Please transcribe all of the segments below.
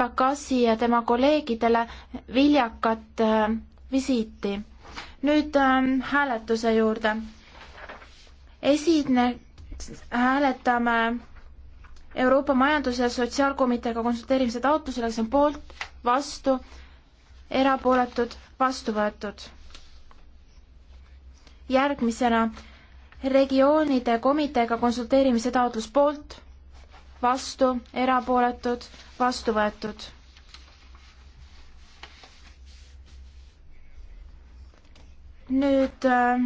Bakassi ja tema kolleegidele viljakat äh, visiiti. nüüd ähm, hääletuse juurde. esineks hääletame Euroopa Majandus- ja Sotsiaalkomiteega konsulteerimise taotlusele, see on poolt, vastu, erapooletud, vastu võetud. järgmisena regioonide komiteega konsulteerimise taotlus poolt vastu, erapooletud, vastu võetud. nüüd äh,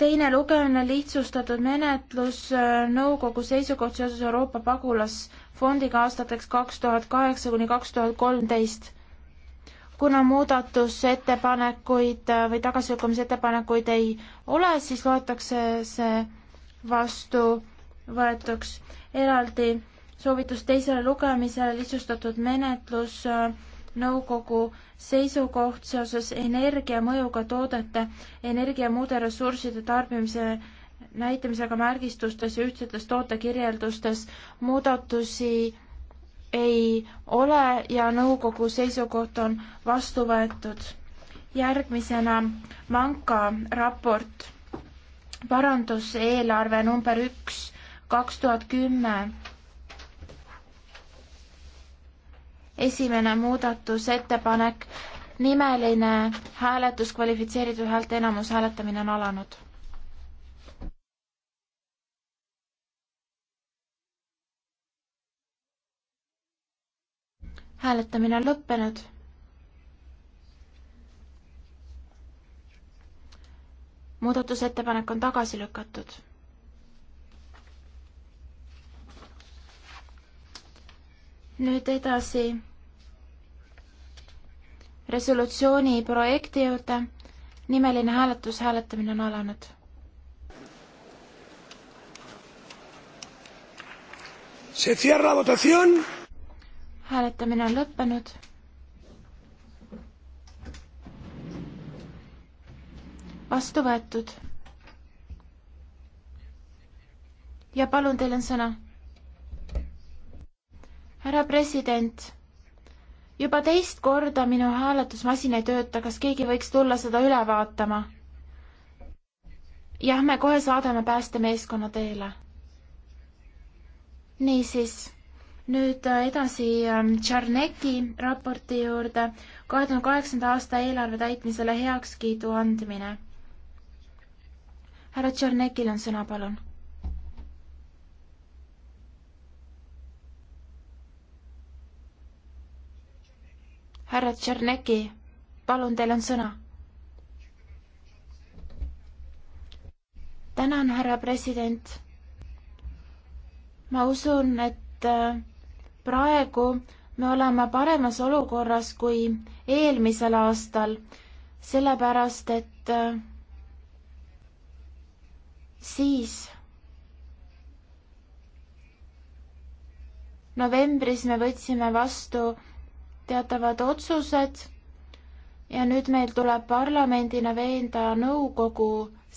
teine lugemine, lihtsustatud menetlus, äh, nõukogu seisukoht seoses Euroopa pagulasfondiga aastateks kaks tuhat kaheksa kuni kaks tuhat kolmteist kuna muudatusettepanekuid äh, või tagasilükkamise ettepanekuid ei ole, siis loetakse see vastu võetuks. eraldi soovitus teisele lugemisele lihtsustatud menetlus äh, nõukogu seisukoht seoses energia mõjuga toodete, energia ja muude ressursside tarbimise näitamisega märgistustes ja ühtsetes tootekirjeldustes muudatusi ei ole ja nõukogu seisukoht on vastu võetud. järgmisena Manka raport, paranduseelarve number üks kaks tuhat kümme. esimene muudatusettepanek, nimeline hääletus, kvalifitseeritud häälteenamus, hääletamine on alanud. hääletamine on lõppenud muudatusettepanek on tagasi lükatud nüüd edasi resolutsiooni projekti juurde. nimeline hääletus, hääletamine on alanud. hääletamine on lõppenud. vastu võetud. ja palun, teil on sõna härra president, juba teist korda minu hääletusmasin ei tööta, kas keegi võiks tulla seda üle vaatama? jah, me kohe saadame päästemeeskonna teele. niisiis nüüd äh, edasi Tšarneki ähm, raporti juurde, kahe tuhande kaheksanda aasta eelarve täitmisele heakskiidu andmine. härra Tšarnekil on sõna, palun härra Tšernäki, palun, teil on sõna. tänan, härra president. ma usun, et äh, praegu me oleme paremas olukorras kui eelmisel aastal, sellepärast et äh, siis novembris me võtsime vastu teatavad otsused ja nüüd meil tuleb parlamendina veenda nõukogu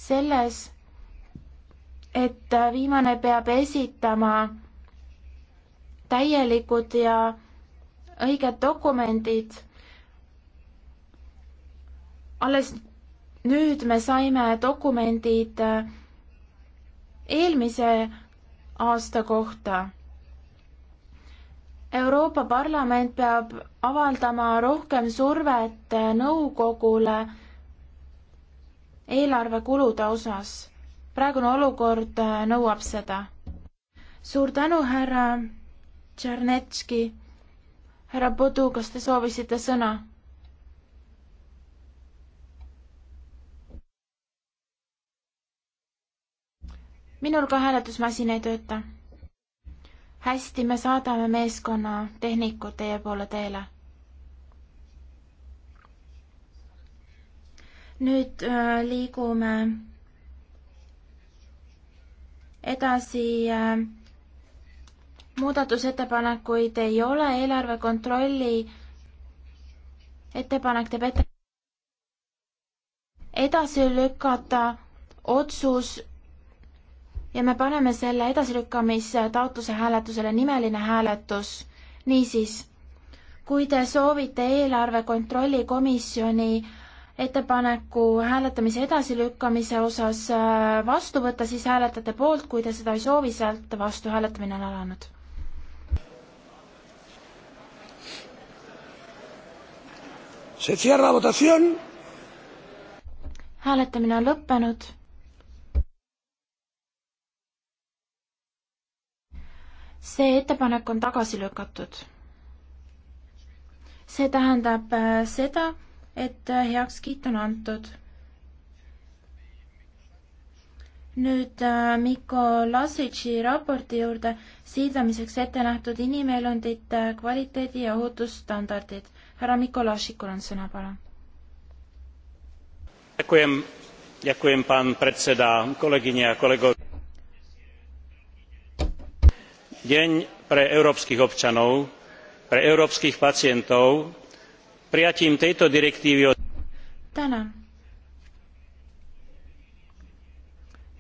selles, et viimane peab esitama täielikud ja õiged dokumendid. alles nüüd me saime dokumendid eelmise aasta kohta Euroopa Parlament peab avaldama rohkem survet nõukogule eelarvekulude osas. praegune olukord nõuab seda. suur tänu, härra Tšernetski. härra Pudu, kas te soovisite sõna? minul ka hääletusmasin ei tööta hästi, me saadame meeskonna tehnikud teie poole teele. nüüd äh, liigume edasi äh, muudatusettepanekuid ei ole, eelarve kontrolli ettepanek teeb ette edasi lükata otsus ja me paneme selle edasilükkamistaotluse hääletusele nimeline hääletus. niisiis, kui te soovite eelarve kontrolli komisjoni ettepaneku hääletamise edasilükkamise osas äh, vastu võtta, siis hääletate poolt, kui te seda ei soovi, sealt vastu hääletamine on alanud. hääletamine on lõppenud see ettepanek on tagasi lükatud. see tähendab äh, seda, et äh, heakskiit on antud. nüüd äh, Mikko Lasitši raporti juurde siirdamiseks ette nähtud inimelundite kvaliteedi ja ohutusstandardid. härra Mikko Lasikul on sõna, palun. Ďakujem, ďakujem pán predseda, kolegyne a kolegovia deň pre európskych občanov pre európskych pacientov prijatím tejto direktiivi o. tänan.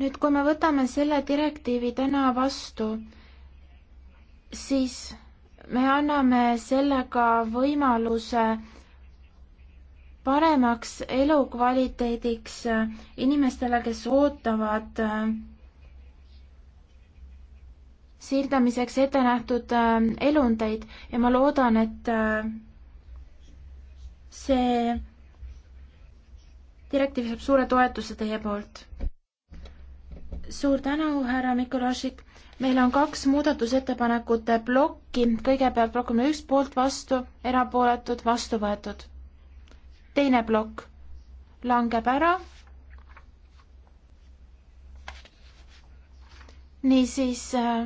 nüüd kui me võtame selle direktiivi täna vastu siis me anname sellega võimaluse paremaks elukvaliteediks inimestele kes ootavad äh, sildamiseks ette nähtud äh, elundeid ja ma loodan, et äh, see direktiiv saab suure toetuse teie poolt. suur tänu, härra Mikulašik. meil on kaks muudatusettepanekute plokki, kõigepealt plokime üks poolt vastu, erapooletud, vastu võetud. teine plokk langeb ära. niisiis äh,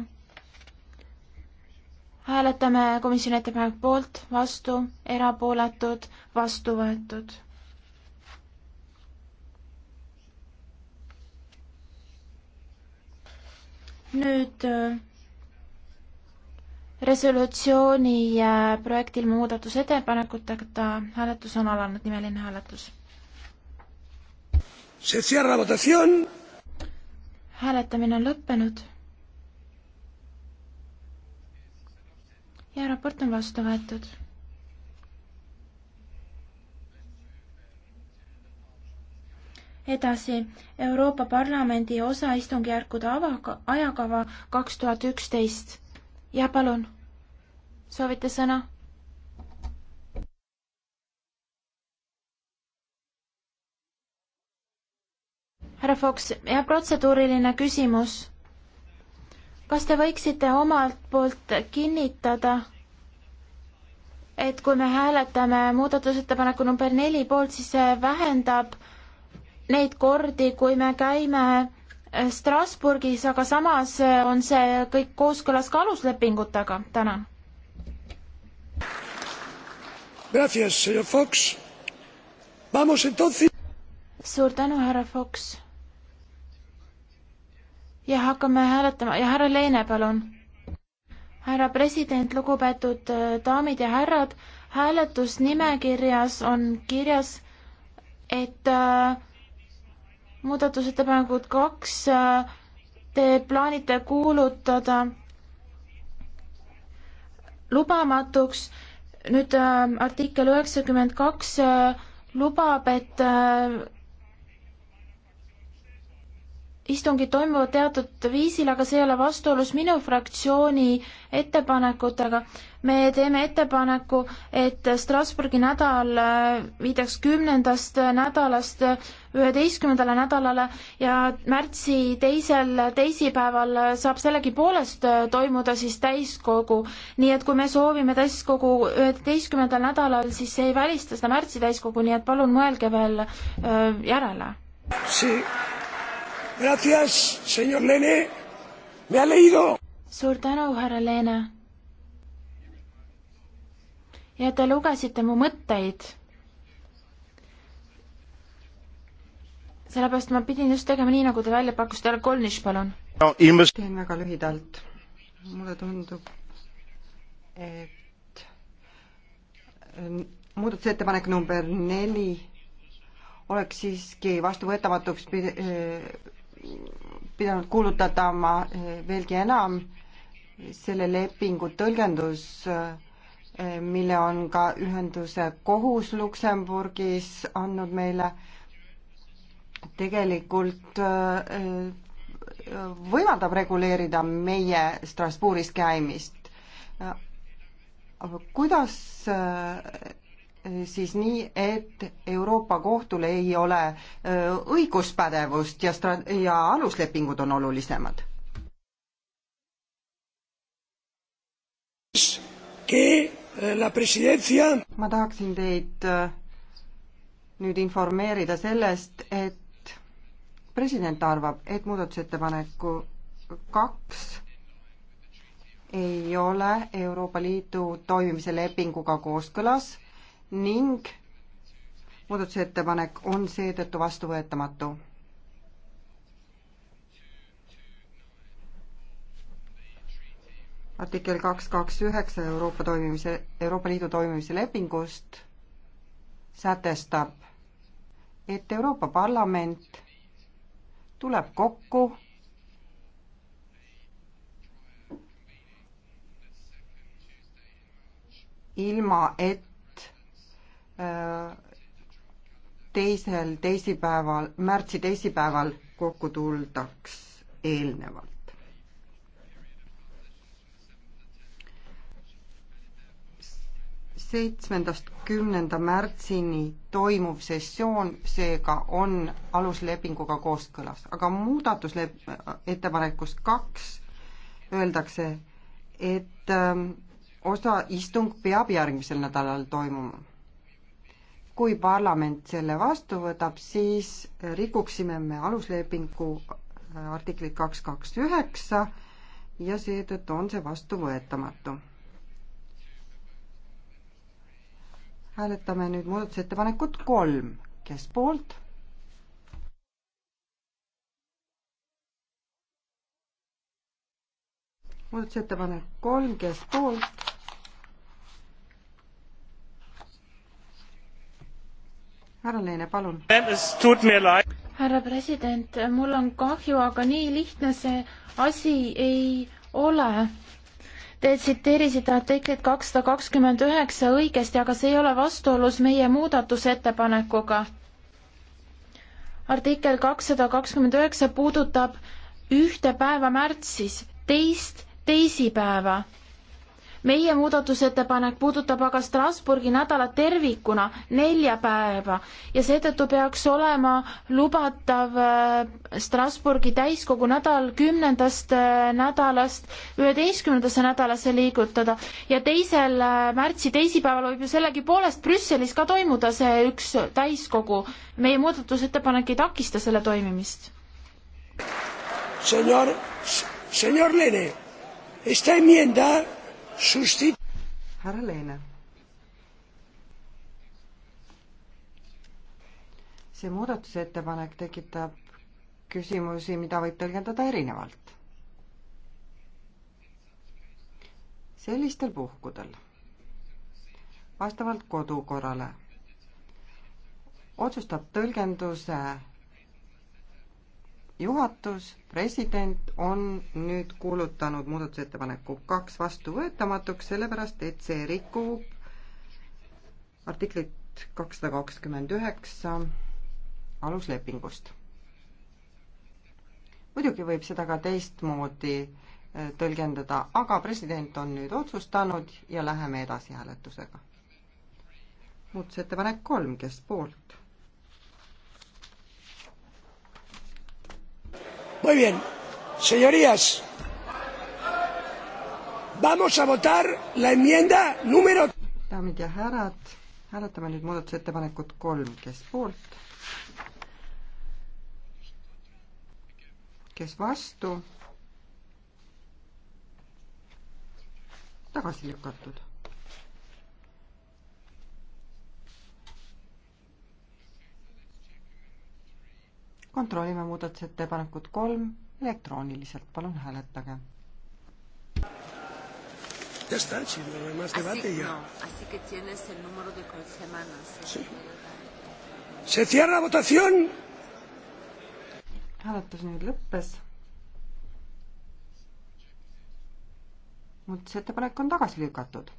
hääletame komisjoni ettepaneku poolt, vastu, erapooletud, vastu võetud. nüüd äh, resolutsiooni äh, projektil muudatusettepanekutega hääletus on alanud, nimeline hääletus. hääletamine on lõppenud ja raport on vastu võetud. edasi, Euroopa Parlamendi osaistungjärkude ava, ajakava kaks tuhat üksteist. jah, palun. soovite sõna? härra Fox, jah, protseduuriline küsimus kas te võiksite omalt poolt kinnitada, et kui me hääletame muudatusettepaneku number neli poolt, siis see vähendab neid kordi, kui me käime äh, Strasburgis, aga samas äh, on see kõik kooskõlas ka aluslepingutega, tänan. suur tänu, härra Fox ja hakkame hääletama ja härra Leene, palun. härra president, lugupeetud äh, daamid ja härrad, hääletusnimekirjas on kirjas, et äh, muudatusettepanekud kaks äh, te plaanite kuulutada lubamatuks. nüüd äh, artikkel üheksakümmend kaks äh, lubab, et äh, istungid toimuvad teatud viisil, aga see ei ole vastuolus minu fraktsiooni ettepanekutega. me teeme ettepaneku, et Strasbourgi nädal äh, viidaks kümnendast nädalast üheteistkümnendale nädalale ja märtsi teisel teisipäeval saab sellegipoolest toimuda siis täiskogu. nii et kui me soovime täiskogu üheteistkümnendal nädalal, siis see ei välista seda märtsi täiskogu, nii et palun mõelge veel öö, äh, järele. see Gracias, señor Lene. Me ha leído. suur tänu, härra Leene. ja te lugesite mu mõtteid. sellepärast ma pidin just tegema nii, nagu te välja pakkusite, härra Kolnis, palun no,. teen väga lühidalt. mulle tundub, et muudatusettepanek number neli oleks siiski vastuvõetamatuks eh, pidanud kuulutatama eh, veelgi enam, selle lepingu tõlgendus, eh, mille on ka ühenduse kohus Luksemburgis andnud meile, tegelikult eh, võimaldab reguleerida meie Strasbourgis käimist. kuidas siis nii, et Euroopa Kohtul ei ole õiguspädevust ja stra-, ja aluslepingud on olulisemad. Eh, ma tahaksin teid nüüd informeerida sellest, et president arvab, et muudatusettepaneku kaks ei ole Euroopa Liidu toimimise lepinguga kooskõlas ning muudatusettepanek on seetõttu vastuvõetamatu. artikkel kaks kaks üheksa Euroopa toimimise, Euroopa Liidu toimimise lepingust sätestab, et Euroopa Parlament tuleb kokku ilma, et teisel teisipäeval, märtsi teisipäeval kokku tuldaks eelnevalt. seitsmendast kümnenda märtsini toimuv sessioon seega on aluslepinguga kooskõlas, aga muudatuslep-, ettepanekus kaks öeldakse, et ähm, osa istung peab järgmisel nädalal toimuma kui parlament selle vastu võtab, siis rikuksime me aluslepingu äh, artiklit kaks kaks üheksa ja seetõttu on see vastuvõetamatu. hääletame nüüd muudatusettepanekut kolm, kes poolt? muudatusettepanek kolm, kes poolt? härra Leene, palun. härra president, mul on kahju, aga nii lihtne see asi ei ole. Te tsiteerisite artiklit kakssada kakskümmend üheksa õigesti, aga see ei ole vastuolus meie muudatusettepanekuga. artikkel kakssada kakskümmend üheksa puudutab ühte päeva märtsis, teist teisipäeva meie muudatusettepanek puudutab aga Strasburgi nädalat tervikuna, nelja päeva ja seetõttu peaks olema lubatav äh, Strasburgi täiskogu nädal kümnendast äh, nädalast üheteistkümnendasse nädalasse liigutada ja teisel äh, märtsi teisipäeval võib ju sellegipoolest Brüsselis ka toimuda see üks täiskogu. meie muudatusettepanek ei takista selle toimimist. Señor, señor Lene, esta enmienda Susti... härra Leene. see muudatusettepanek tekitab küsimusi, mida võib tõlgendada erinevalt. sellistel puhkudel vastavalt kodukorrale otsustab tõlgenduse juhatus, president on nüüd kuulutanud muudatusettepaneku kaks vastuvõetamatuks, sellepärast et see rikub artiklit kakssada kakskümmend üheksa aluslepingust. muidugi võib seda ka teistmoodi äh, tõlgendada, aga president on nüüd otsustanud ja läheme edasi hääletusega. muudatusettepanek kolm, kes poolt? Muy bien. Señorías, vamos a votar la enmienda número. daamid ja härrad, hääletame nüüd muudatusettepanekut kolm, kes poolt, kes vastu, tagasi lükatud kontrollime muudatusettepanekut kolm elektrooniliselt, palun hääletage. Ya está, si no hay más debate así, ya. No, así que tienes el número de semanas. Eh. Sí. Se cierra la votación. Hääletus nüüd lõppes. muudatusettepanek on tagasi lükatud.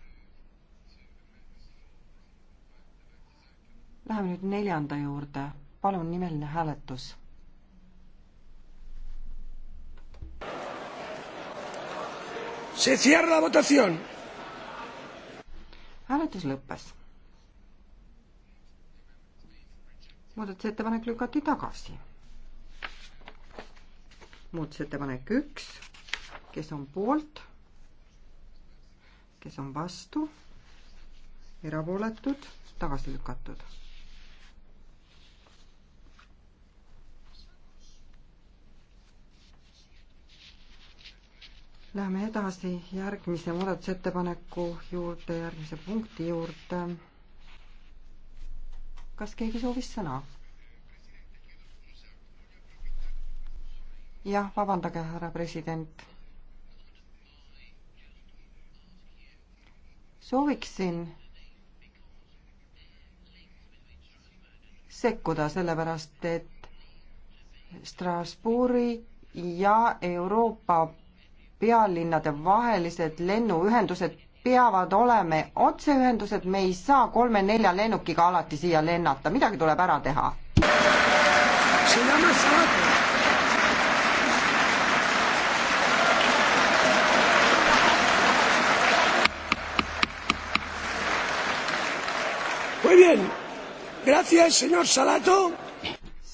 Läheme nüüd neljanda juurde. palun nimeline hääletus Se cierra la votación. hääletus lõppes. muudatusettepanek lükati tagasi. muudatusettepanek üks, kes on poolt, kes on vastu, erapooletud, tagasi lükatud Läheme edasi järgmise muudatusettepaneku juurde, järgmise punkti juurde. kas keegi soovis sõna? jah, vabandage, härra president. sooviksin sekkuda, sellepärast et Strasbourgi ja Euroopa pealinnade vahelised lennuühendused peavad olema otseühendused, me ei saa kolme-nelja lennukiga alati siia lennata, midagi tuleb ära teha.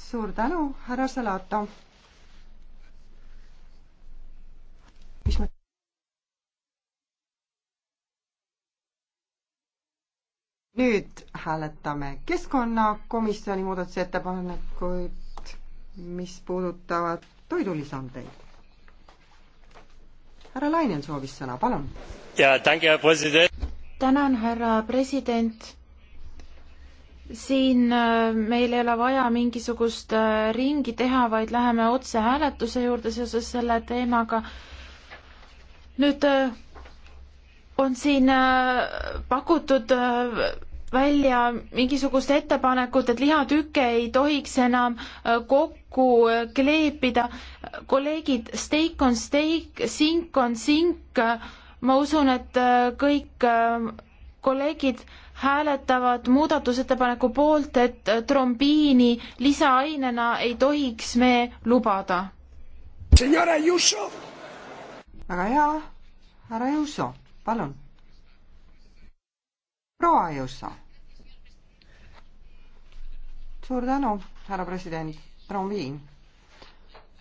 suur tänu, härra Salato. nüüd hääletame keskkonnakomisjoni muudatusettepanekuid, mis puudutavad toidulisandeid. härra Lainel soovis sõna, palun. tänan, härra president siin äh, meil ei ole vaja mingisugust äh, ringi teha, vaid läheme otse hääletuse juurde seoses selle teemaga. nüüd äh, on siin pakutud välja mingisugust ettepanekut, et lihatükke ei tohiks enam äh, kokku äh, kleepida. kolleegid, steak on steak, sink on sink. ma usun, et äh, kõik kolleegid hääletavad muudatusettepaneku poolt, et trombiini lisaainena ei tohiks me lubada. väga hea, härra Jusso, palun proua Ajusa. suur tänu, härra president, trombiin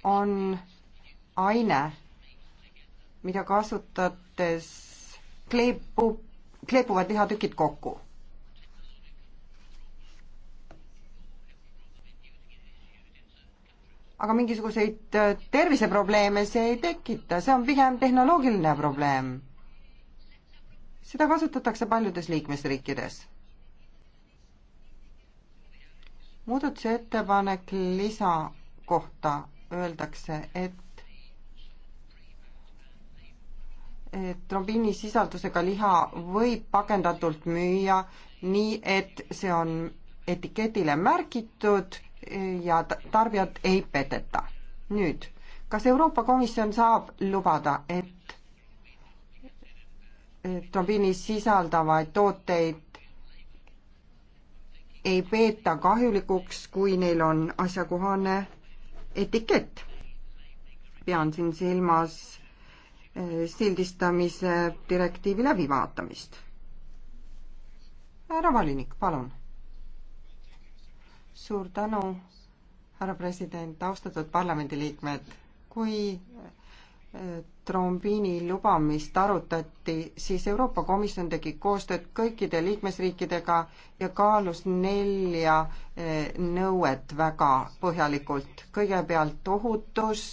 on aine, mida kasutades kleepub, kleepuvad lihatükid kokku. aga mingisuguseid terviseprobleeme see ei tekita, see on pigem tehnoloogiline probleem seda kasutatakse paljudes liikmesriikides. muudatusettepanek lisa kohta öeldakse, et, et trombiini sisaldusega liha võib pakendatult müüa nii, et see on etiketile märgitud ja tarbijat ei peteta. nüüd, kas Euroopa Komisjon saab lubada, et trobiinis sisaldavaid tooteid ei peeta kahjulikuks, kui neil on asjakohane etikett. pean siin silmas eh, sildistamise direktiivi läbivaatamist. härra volinik, palun. suur tänu, härra president, austatud parlamendiliikmed, kui trombiini lubamist arutati, siis Euroopa Komisjon tegi koostööd kõikide liikmesriikidega ja kaalus nelja eh, nõuet väga põhjalikult. kõigepealt ohutus,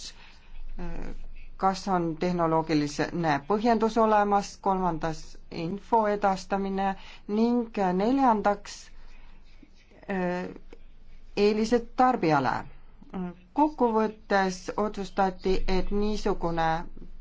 eh, kas on tehnoloogiline põhjendus olemas, kolmandas info edastamine ning neljandaks eh, eelised tarbijale kokkuvõttes otsustati, et niisugune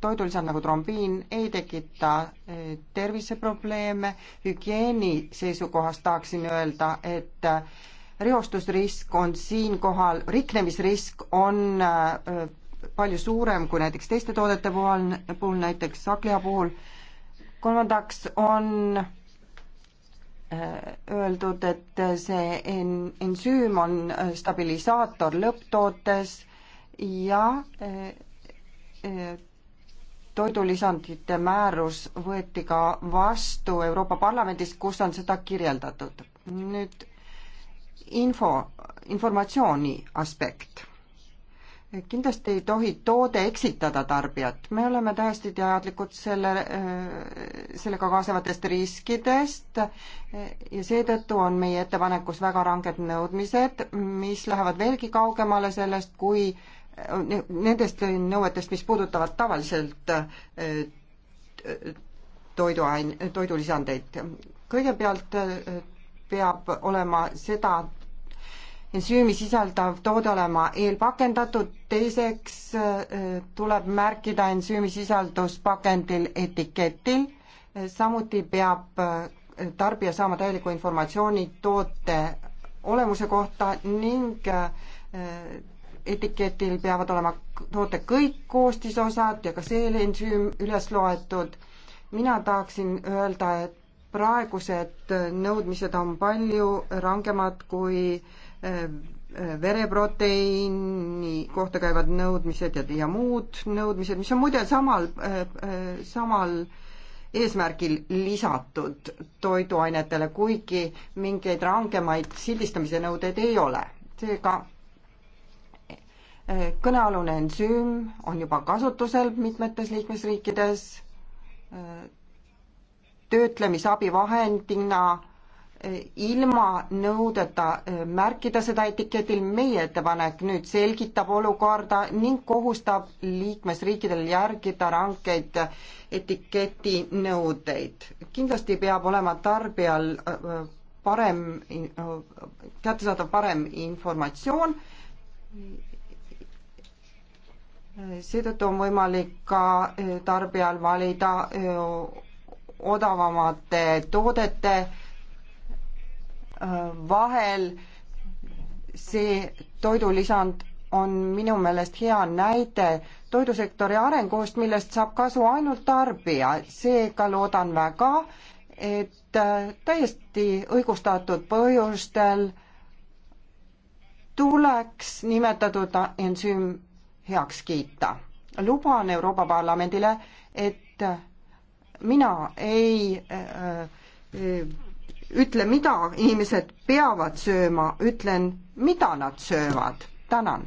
toidulisand nagu trombiin ei tekita eh, terviseprobleeme, hügieeni seisukohast tahaksin öelda, et eh, reostusrisk on siinkohal, riknemisrisk on eh, palju suurem kui näiteks teiste toodete puhul, puhul näiteks hakkliha puhul. kolmandaks on öeldud, et see en-, ensüüm on äh, stabilisaator lõpptootes ja äh, äh, toidulisandite määrus võeti ka vastu Euroopa Parlamendis, kus on seda kirjeldatud. nüüd info, informatsiooni aspekt kindlasti ei tohi toode eksitada tarbijat, me oleme täiesti teadlikud selle, äh, sellega kaasnevatest riskidest äh, ja seetõttu on meie ettepanekus väga ranged nõudmised, mis lähevad veelgi kaugemale sellest, kui äh, nendest nõuetest, mis puudutavad tavaliselt toiduaine, toidulisandeid. kõigepealt peab olema seda ensüümi sisaldav toode olema eelpakendatud, teiseks äh, tuleb märkida ensüümi sisaldus pakendil etiketil, äh, samuti peab äh, tarbija saama täieliku informatsiooni toote olemuse kohta ning etiketil peavad olema toote kõik koostisosad ja ka seelensüüm üles loetud. mina tahaksin öelda, et praegused nõudmised on palju rangemad kui äh, vereproteiini kohta käivad nõudmised ja, ja muud nõudmised, mis on muide samal, samal eesmärgil lisatud toiduainetele, kuigi mingeid rangemaid sildistamise nõudeid ei ole. seega kõnealune ensüüm on juba kasutusel mitmetes liikmesriikides töötlemisabivahend, Digna ilma nõudeta äh, märkida seda etiketil. meie ettepanek nüüd selgitab olukorda ning kohustab liikmesriikidel järgida rangeid etiketi nõudeid. kindlasti peab olema tarbijal äh, parem, äh, kättesaadav parem informatsioon. seetõttu on võimalik ka tarbijal valida odavamate toodete vahel. see toidulisand on minu meelest hea näide toidusektori arengust, millest saab kasu ainult tarbija, seega loodan väga, et äh, täiesti õigustatud põhjustel tuleks nimetatud ensüüm heaks kiita. luban Euroopa Parlamendile, et mina ei äh, äh, ütle, mida inimesed peavad sööma, ütlen, mida nad söövad. tänan.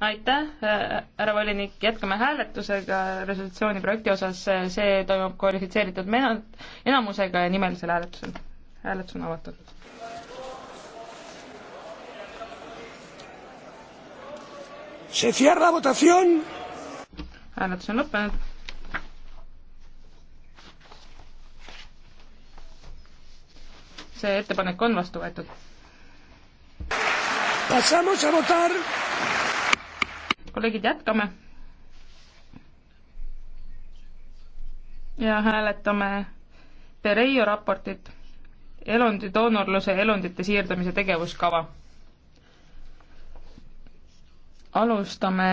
aitäh, härra volinik, jätkame hääletusega resolutsiooni projekti osas, see toimub kvalifitseeritud enam-, enamusega ja nimelisel hääletusel. hääletus on avatud hääletus on lõppenud. see ettepanek on vastu võetud. kolleegid, jätkame. ja hääletame Pereio raportit elundi doonorluse elundite siirdamise tegevuskava alustame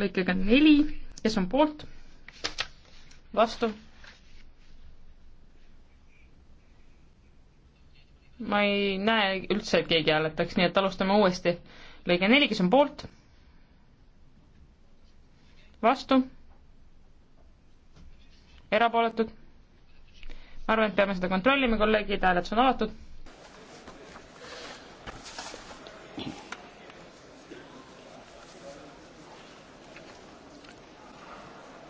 lõikega neli, kes on poolt, vastu. ma ei näe üldse, et keegi hääletaks, nii et alustame uuesti. lõige neli, kes on poolt, vastu, erapooletud. ma arvan, et peame seda kontrollima, kolleegid, hääletus on avatud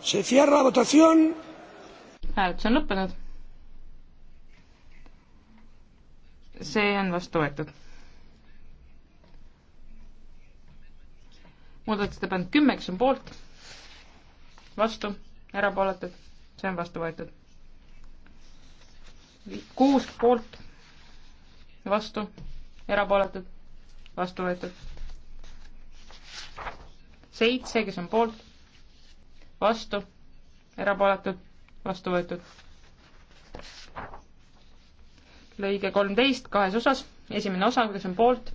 hääletus on lõppenud. see on vastu võetud. muudatusettepanek kümme, kes on poolt, vastu, erapooletud, see on vastu võetud. kuus poolt, vastu, erapooletud, vastu võetud. seitse, kes on poolt vastu, erapooletud, vastu võetud. lõige kolmteist kahes osas, esimene osa, kes on poolt,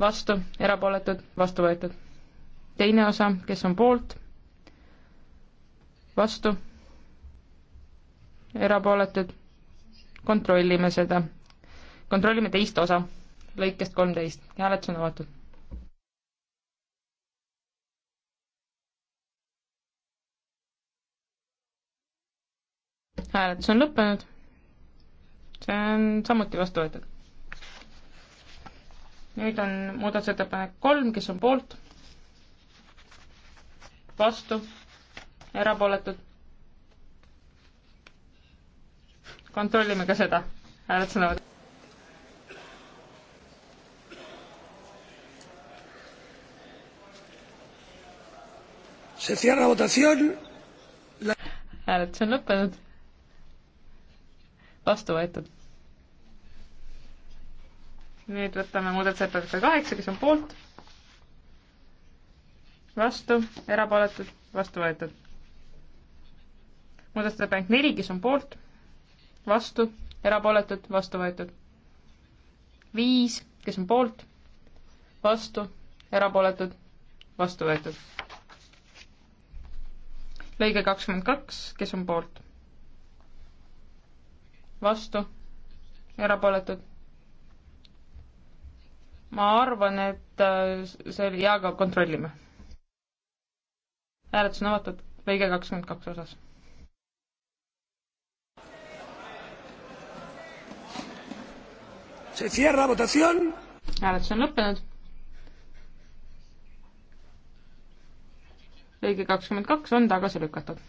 vastu, erapooletud, vastu võetud. teine osa, kes on poolt, vastu, erapooletud, kontrollime seda. kontrollime teist osa lõikest kolmteist, hääletus on avatud. hääletus on lõppenud. see on samuti vastu võetud. nüüd on muudatusettepanek kolm, kes on poolt, vastu, erapooletud. kontrollime ka seda, hääletus on lõppenud. se cierra votación. La... hääletus on lõppenud vastu võetud. nüüd võtame muudatusettepaneku kaheksa, kes on poolt, vastu, erapooletud, vastu võetud. muudatusettepanek neli, kes on poolt, vastu, erapooletud, vastu võetud. viis, kes on poolt, vastu, erapooletud, vastu võetud. lõige kakskümmend kaks, kes on poolt vastu, erapooletud. ma arvan, et äh, see oli hea, aga kontrollime. hääletus on avatud lõige kakskümmend kaks osas. hääletus on lõppenud. lõige kakskümmend kaks on tagasi lükatud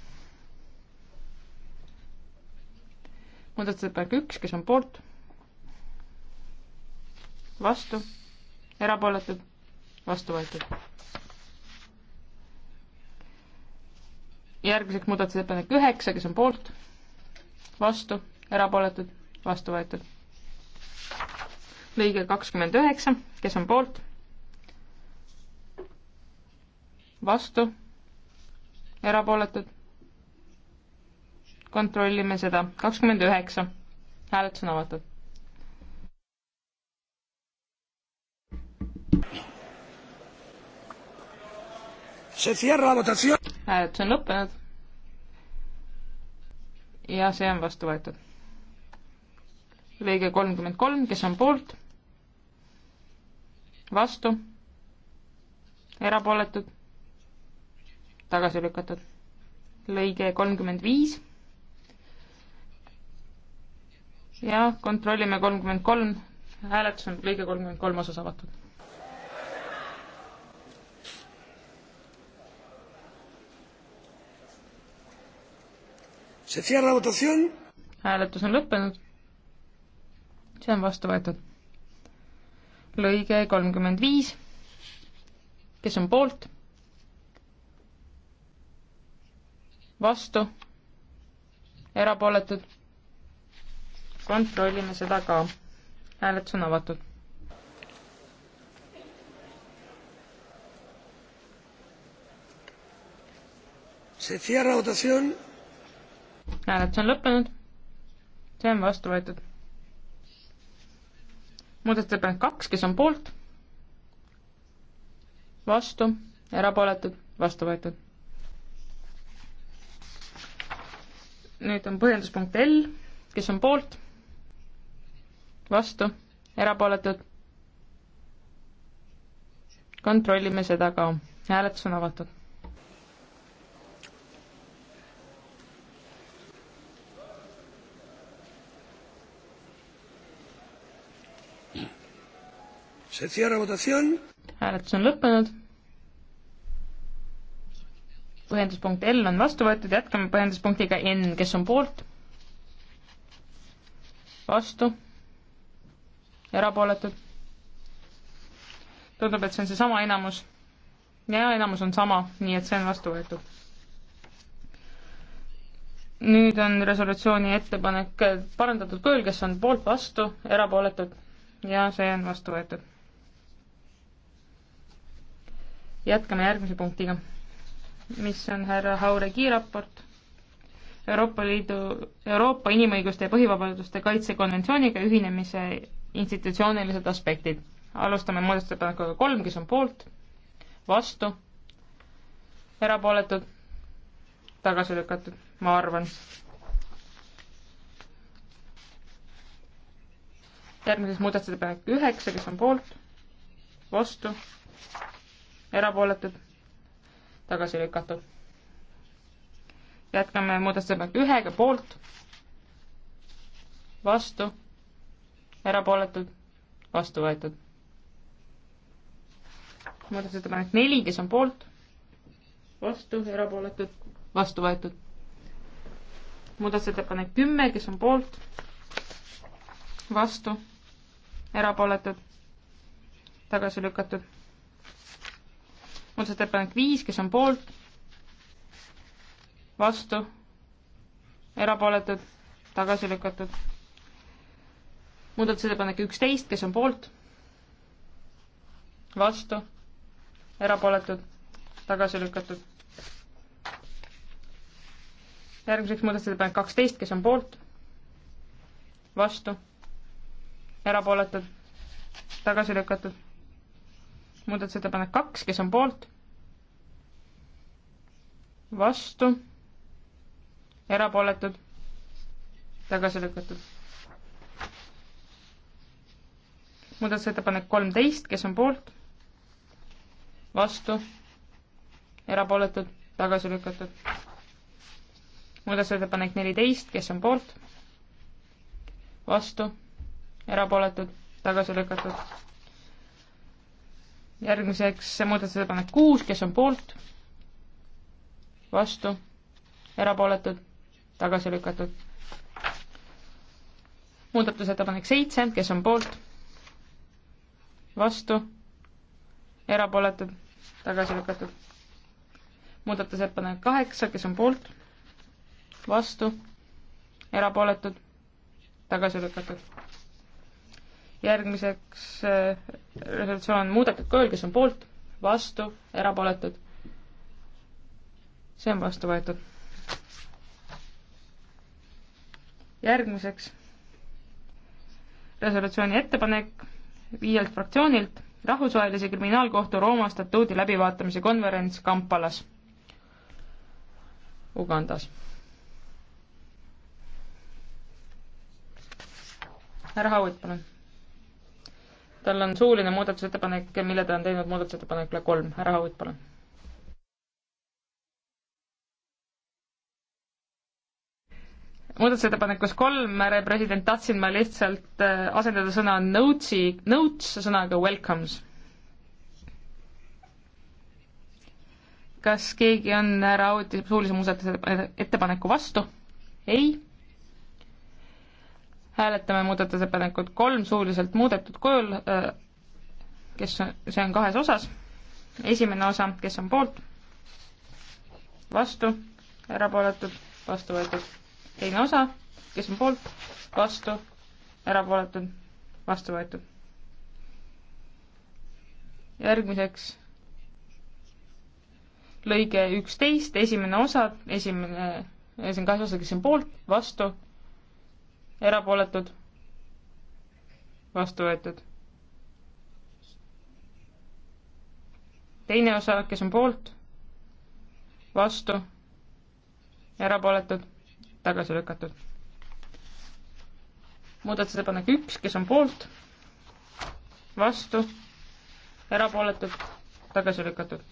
muudatusettepanek üks, kes on poolt? vastu? erapooletud? vastu võetud. järgmiseks muudatusettepanek üheksa, kes on poolt? vastu? erapooletud? vastu võetud. lõige kakskümmend üheksa, kes on poolt? vastu? erapooletud? kontrollime seda. kakskümmend üheksa. hääletus on avatud. hääletus on lõppenud. ja see on vastu võetud. lõige kolmkümmend kolm, kes on poolt? vastu? erapooletud? tagasi lükatud. lõige kolmkümmend viis ja kontrollime kolmkümmend kolm, hääletus on lõige kolmkümmend kolm osas avatud. hääletus on lõppenud. see on vastu võetud. lõige kolmkümmend viis. kes on poolt? vastu? erapooletud? kontrollime seda ka. hääletus on avatud. hääletus on lõppenud. see on vastu võetud. muudatusettepanek kaks, kes on poolt? vastu, erapooletud, vastu võetud nüüd on põhjenduspunkt L, kes on poolt, vastu, erapooletud. kontrollime seda ka, hääletus on avatud. hääletus on lõppenud. põhjenduspunkt L on vastu võetud, jätkame põhjenduspunktiga N, kes on poolt? vastu erapooletud. tundub, et see on seesama enamus. ja enamus on sama, nii et see on vastu võetud. nüüd on resolutsiooni ettepanek parandatud kujul, kes on poolt, vastu, erapooletud ja see on vastu võetud. jätkame järgmise punktiga, mis on härra Hauregi raport Euroopa Liidu, Euroopa Inimõiguste ja Põhivabaduste Kaitse konventsiooniga ühinemise institutsioonilised aspektid. alustame muudatusettepanekuga kolm, kes on poolt, vastu, erapooletud, tagasi lükatud, ma arvan. järgmises muudatusettepanek üheksa, kes on poolt, vastu, erapooletud, tagasi lükatud. jätkame muudatusettepanek ühega, poolt, vastu erapooletud, vastu võetud. muudatusettepanek neli, kes on poolt, vastu, erapooletud, vastu võetud. muudatusettepanek kümme, kes on poolt, vastu, erapooletud, tagasi lükatud. muudatusettepanek viis, kes on poolt, vastu, erapooletud, tagasi lükatud muudatusettepanek üksteist, kes on poolt? vastu? erapooletud? tagasi lükatud? järgmiseks muudatusettepanek kaksteist, kes on poolt? vastu? erapooletud? tagasi lükatud? muudatusettepanek kaks, kes on poolt? vastu? erapooletud? tagasi lükatud? muudatusettepanek kolmteist, kes on poolt? vastu? erapooletud? tagasi lükatud? muudatusettepanek neliteist, kes on poolt? vastu? erapooletud? tagasi lükatud? järgmiseks muudatusettepanek kuus, kes on poolt? vastu? erapooletud? tagasi lükatud? muudatusettepanek seitse, kes on poolt? vastu, erapooletud, tagasi lükatud. muudatusettepanek kaheksa, kes on poolt, vastu, erapooletud, tagasi lükatud. järgmiseks eh, resolutsioon muudetud kujul, kes on poolt, vastu, erapooletud. see on vastu võetud. järgmiseks resolutsiooni ettepanek viielt fraktsioonilt rahvusvahelise kriminaalkohtu Rooma statuudi läbivaatamise konverents Kampalas, Ugandas. härra Hauet, palun. tal on suuline muudatusettepanek, mille ta on teinud muudatusettepanekule kolm, härra Hauet, palun muudatusettepanekus kolm, härra president, tahtsin ma lihtsalt äh, asendada sõna notes'i, notes sõnaga welcomes. kas keegi on härra Auti suulise muudatusettepaneku vastu? ei. hääletame muudatusettepanekut kolm suuliselt muudetud kujul, äh, kes, see on kahes osas. esimene osa, kes on poolt? vastu, erapooletud, vastu võetud teine osa, kes on poolt, vastu, erapooletud, vastu võetud. järgmiseks lõige üksteist, esimene osa, esimene, see on kahes osas, kes on poolt, vastu, erapooletud, vastu võetud. teine osa, kes on poolt, vastu, erapooletud tagasi lükatud. muudatusettepanek üks, kes on poolt, vastu, erapooletud, tagasi lükatud.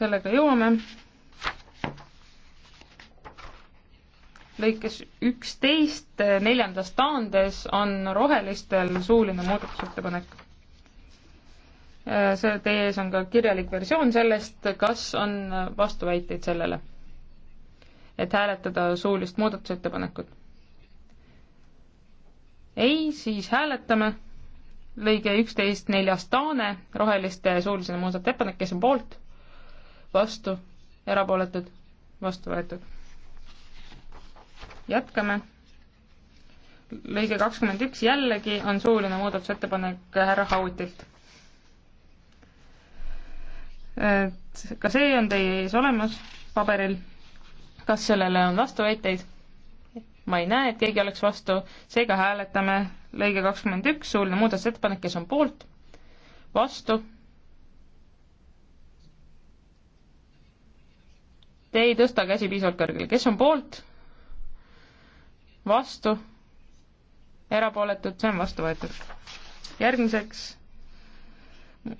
sellega jõuame lõikes üksteist neljandas taandes on rohelistel suuline muudatusettepanek. Äh, see teie ees on ka kirjalik versioon sellest, kas on vastuväiteid sellele? et hääletada suulist muudatusettepanekut? ei, siis hääletame. lõige üksteist neljas Taane, roheliste suulisena muudatusettepanek, kes on poolt? vastu, erapooletud, vastu võetud. jätkame. lõige kakskümmend üks jällegi on suuline muudatusettepanek härra Hautilt. ka see on teie ees olemas paberil kas sellele on vastuväiteid? ma ei näe, et keegi oleks vastu, seega hääletame lõige kakskümmend üks, suuline muudatusettepanek, kes on poolt, vastu. Te ei tõsta käsi piisavalt kõrgele, kes on poolt, vastu, erapooletud, see on vastu võetud. järgmiseks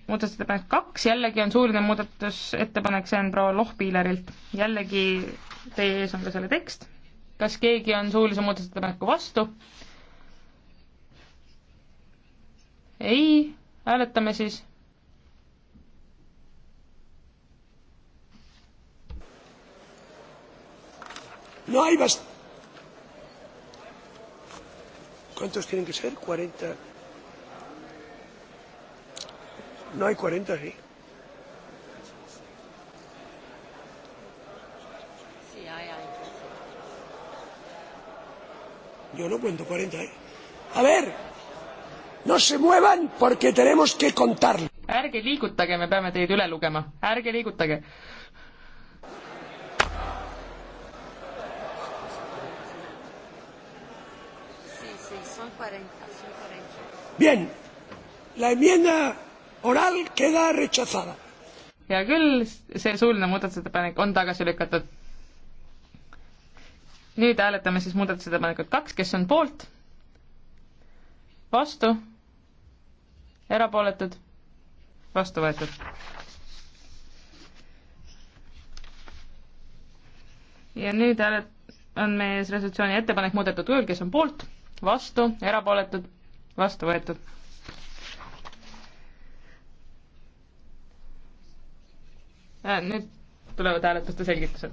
muudatusettepanek kaks, jällegi on suuline muudatusettepanek, see on proua Lohpiilerilt, jällegi teie ees on ka selle tekst. kas keegi on suulise muudatusettepaneku vastu? ei, hääletame siis. no hay bast- ¿Cuántos tienen que ser? ¿40? No hay 40, sí. yo no cuento cuarenta ¿eh? a ver no se muevan porque tenemos que contarlo ärge liigutage me peame teid üle lugema ärge liigutage Bien, la enmienda oral queda rechazada. hea küll, see suuline muudatusettepanek on tagasi lükatud nüüd hääletame siis muudatusettepanekut kaks, kes on poolt, vastu, erapooletud, vastu võetud. ja nüüd häälet-, on meie resolutsiooni ettepanek muudetud kujul, kes on poolt, vastu, erapooletud, vastu võetud. Äh, nüüd tulevad hääletuste selgitused